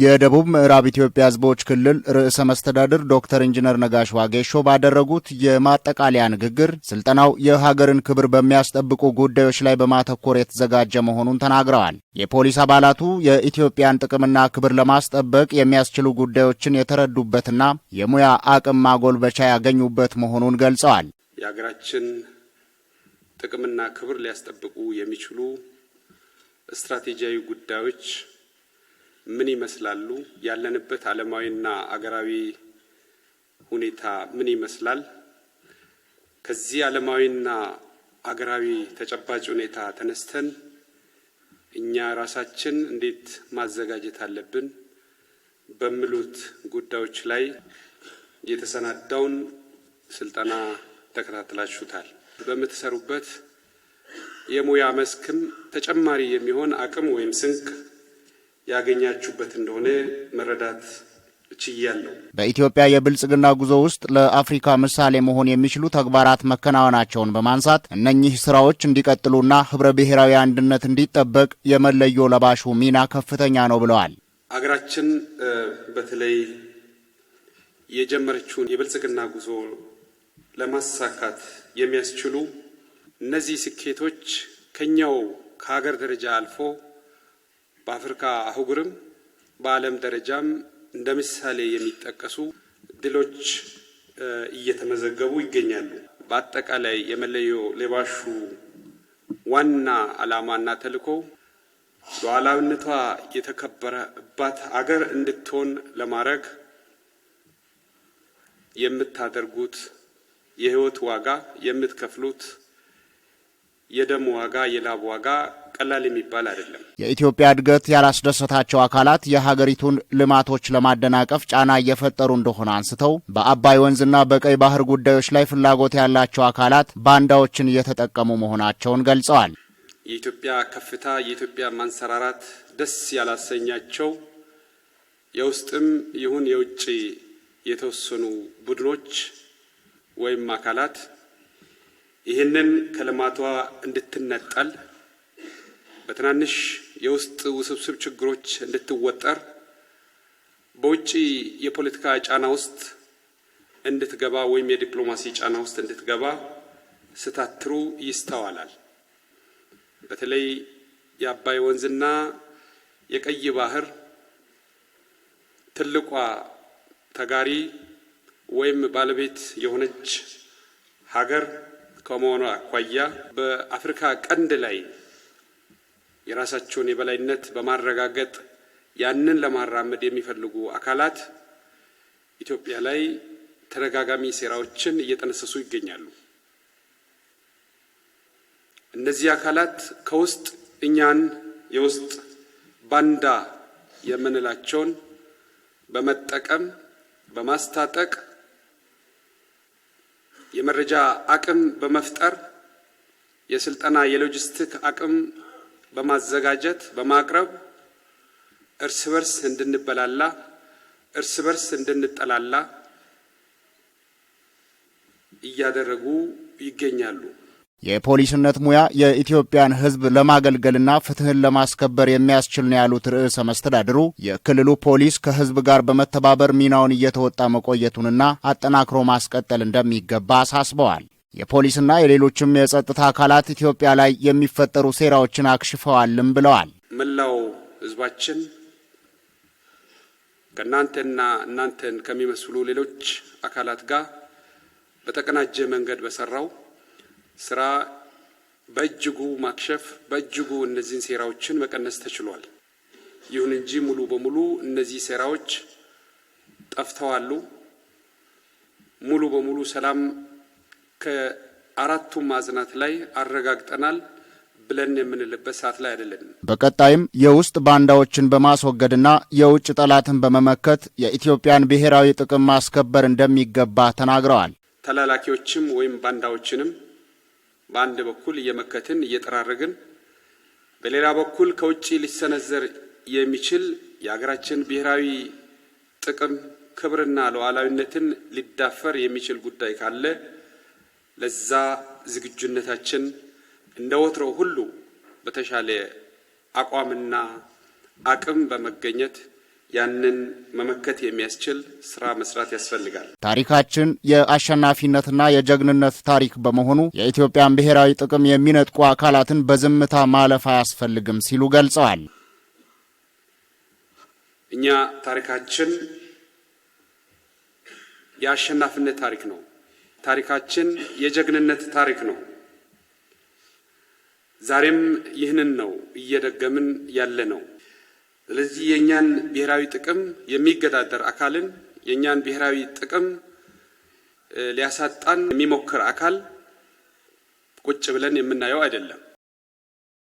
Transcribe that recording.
የደቡብ ምዕራብ ኢትዮጵያ ሕዝቦች ክልል ርዕሰ መስተዳድር ዶክተር ኢንጂነር ነጋሽ ዋጌሾ ባደረጉት የማጠቃለያ ንግግር ስልጠናው የሀገርን ክብር በሚያስጠብቁ ጉዳዮች ላይ በማተኮር የተዘጋጀ መሆኑን ተናግረዋል። የፖሊስ አባላቱ የኢትዮጵያን ጥቅምና ክብር ለማስጠበቅ የሚያስችሉ ጉዳዮችን የተረዱበትና የሙያ አቅም ማጎልበቻ ያገኙበት መሆኑን ገልጸዋል። የሀገራችን ጥቅምና ክብር ሊያስጠብቁ የሚችሉ ስትራቴጂያዊ ጉዳዮች ምን ይመስላሉ? ያለንበት ዓለማዊና አገራዊ ሁኔታ ምን ይመስላል? ከዚህ ዓለማዊና አገራዊ ተጨባጭ ሁኔታ ተነስተን እኛ ራሳችን እንዴት ማዘጋጀት አለብን በሚሉት ጉዳዮች ላይ የተሰናዳውን ስልጠና ተከታትላችሁታል። በምትሰሩበት የሙያ መስክም ተጨማሪ የሚሆን አቅም ወይም ስንቅ ያገኛችሁበት እንደሆነ መረዳት ችያለሁ። በኢትዮጵያ የብልጽግና ጉዞ ውስጥ ለአፍሪካ ምሳሌ መሆን የሚችሉ ተግባራት መከናወናቸውን በማንሳት እነኚህ ስራዎች እንዲቀጥሉና ህብረ ብሔራዊ አንድነት እንዲጠበቅ የመለዮ ለባሹ ሚና ከፍተኛ ነው ብለዋል። አገራችን በተለይ የጀመረችውን የብልጽግና ጉዞ ለማሳካት የሚያስችሉ እነዚህ ስኬቶች ከኛው ከሀገር ደረጃ አልፎ በአፍሪካ አህጉርም በዓለም ደረጃም እንደ ምሳሌ የሚጠቀሱ ድሎች እየተመዘገቡ ይገኛሉ። በአጠቃላይ የመለዮ ሌባሹ ዋና ዓላማና ተልዕኮ ሉዓላዊነቷ የተከበረባት አገር እንድትሆን ለማድረግ የምታደርጉት የህይወት ዋጋ የምትከፍሉት የደም ዋጋ የላብ ዋጋ ቀላል የሚባል አይደለም። የኢትዮጵያ እድገት ያላስደሰታቸው አካላት የሀገሪቱን ልማቶች ለማደናቀፍ ጫና እየፈጠሩ እንደሆነ አንስተው በአባይ ወንዝና በቀይ ባህር ጉዳዮች ላይ ፍላጎት ያላቸው አካላት ባንዳዎችን እየተጠቀሙ መሆናቸውን ገልጸዋል። የኢትዮጵያ ከፍታ፣ የኢትዮጵያ ማንሰራራት ደስ ያላሰኛቸው የውስጥም ይሁን የውጭ የተወሰኑ ቡድኖች ወይም አካላት ይህንን ከልማቷ እንድትነጠል በትናንሽ የውስጥ ውስብስብ ችግሮች እንድትወጠር በውጭ የፖለቲካ ጫና ውስጥ እንድትገባ ወይም የዲፕሎማሲ ጫና ውስጥ እንድትገባ ስታትሩ ይስተዋላል። በተለይ የአባይ ወንዝና የቀይ ባህር ትልቋ ተጋሪ ወይም ባለቤት የሆነች ሀገር ከመሆኗ አኳያ በአፍሪካ ቀንድ ላይ የራሳቸውን የበላይነት በማረጋገጥ ያንን ለማራመድ የሚፈልጉ አካላት ኢትዮጵያ ላይ ተደጋጋሚ ሴራዎችን እየጠነሰሱ ይገኛሉ። እነዚህ አካላት ከውስጥ እኛን የውስጥ ባንዳ የምንላቸውን በመጠቀም በማስታጠቅ የመረጃ አቅም በመፍጠር የስልጠና የሎጂስቲክ አቅም በማዘጋጀት በማቅረብ እርስ በርስ እንድንበላላ እርስ በርስ እንድንጠላላ እያደረጉ ይገኛሉ። የፖሊስነት ሙያ የኢትዮጵያን ሕዝብ ለማገልገልና ፍትህን ለማስከበር የሚያስችል ነው ያሉት ርዕሰ መስተዳድሩ የክልሉ ፖሊስ ከሕዝብ ጋር በመተባበር ሚናውን እየተወጣ መቆየቱንና አጠናክሮ ማስቀጠል እንደሚገባ አሳስበዋል። የፖሊስና የሌሎችም የጸጥታ አካላት ኢትዮጵያ ላይ የሚፈጠሩ ሴራዎችን አክሽፈዋልም ብለዋል። መላው ህዝባችን ከእናንተና እናንተን ከሚመስሉ ሌሎች አካላት ጋር በተቀናጀ መንገድ በሰራው ስራ በእጅጉ ማክሸፍ በእጅጉ እነዚህን ሴራዎችን መቀነስ ተችሏል። ይሁን እንጂ ሙሉ በሙሉ እነዚህ ሴራዎች ጠፍተዋሉ። ሙሉ በሙሉ ሰላም ከአራቱም ማዕዘናት ላይ አረጋግጠናል ብለን የምንልበት ሰዓት ላይ አይደለንም። በቀጣይም የውስጥ ባንዳዎችን በማስወገድና የውጭ ጠላትን በመመከት የኢትዮጵያን ብሔራዊ ጥቅም ማስከበር እንደሚገባ ተናግረዋል። ተላላኪዎችም ወይም ባንዳዎችንም በአንድ በኩል እየመከትን እየጠራረግን፣ በሌላ በኩል ከውጭ ሊሰነዘር የሚችል የሀገራችን ብሔራዊ ጥቅም ክብርና ሉዓላዊነትን ሊዳፈር የሚችል ጉዳይ ካለ ለዛ ዝግጁነታችን እንደ ወትሮ ሁሉ በተሻለ አቋምና አቅም በመገኘት ያንን መመከት የሚያስችል ስራ መስራት ያስፈልጋል። ታሪካችን የአሸናፊነትና የጀግንነት ታሪክ በመሆኑ የኢትዮጵያን ብሔራዊ ጥቅም የሚነጥቁ አካላትን በዝምታ ማለፍ አያስፈልግም ሲሉ ገልጸዋል። እኛ ታሪካችን የአሸናፊነት ታሪክ ነው። ታሪካችን የጀግንነት ታሪክ ነው። ዛሬም ይህንን ነው እየደገምን ያለ ነው። ስለዚህ የእኛን ብሔራዊ ጥቅም የሚገዳደር አካልን የእኛን ብሔራዊ ጥቅም ሊያሳጣን የሚሞክር አካል ቁጭ ብለን የምናየው አይደለም።